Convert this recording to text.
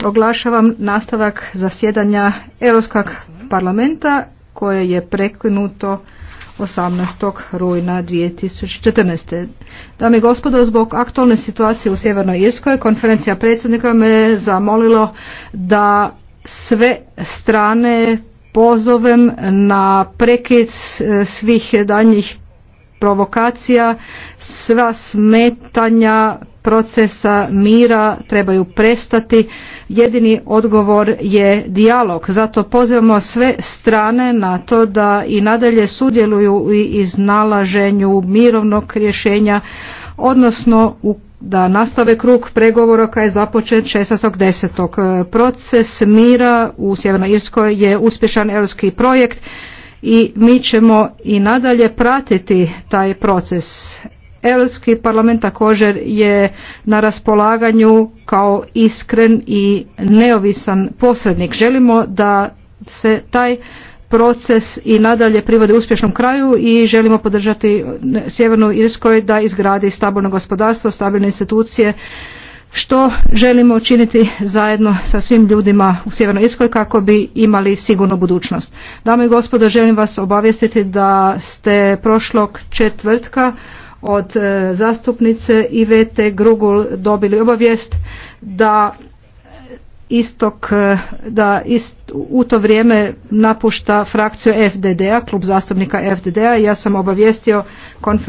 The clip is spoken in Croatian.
Proglašavam nastavak zasjedanja Europskog parlamenta koje je prekinuto 18. rujna 2014. Dame i gospodo, zbog aktualne situacije u Sjevernoj Irskoj, konferencija predsjednika me zamolilo da sve strane pozovem na prekid svih danjih provokacija, sva smetanja procesa mira trebaju prestati. Jedini odgovor je dijalog. Zato pozivamo sve strane na to da i nadalje sudjeluju u iznalaženju mirovnog rješenja, odnosno da nastave krug pregovora kada je započet 16.10. Proces mira u Sjevernoj Irskoj je uspješan europski projekt i mi ćemo i nadalje pratiti taj proces. Europski parlament također je na raspolaganju kao iskren i neovisan posrednik. Želimo da se taj proces i nadalje privode uspješnom kraju i želimo podržati Sjevernu Irskoj da izgradi stabilno gospodarstvo, stabilne institucije što želimo činiti zajedno sa svim ljudima u Sjevernoj Irskoj kako bi imali sigurnu budućnost. Dame i gospodo, želim vas obavijestiti da ste prošlog četvrtka od e, zastupnice Ivete Grugul dobili obavijest da istok e, da ist, u to vrijeme napušta frakciju FDD-a, klub zastupnika FDD-a. Ja sam obavijestio konferenciju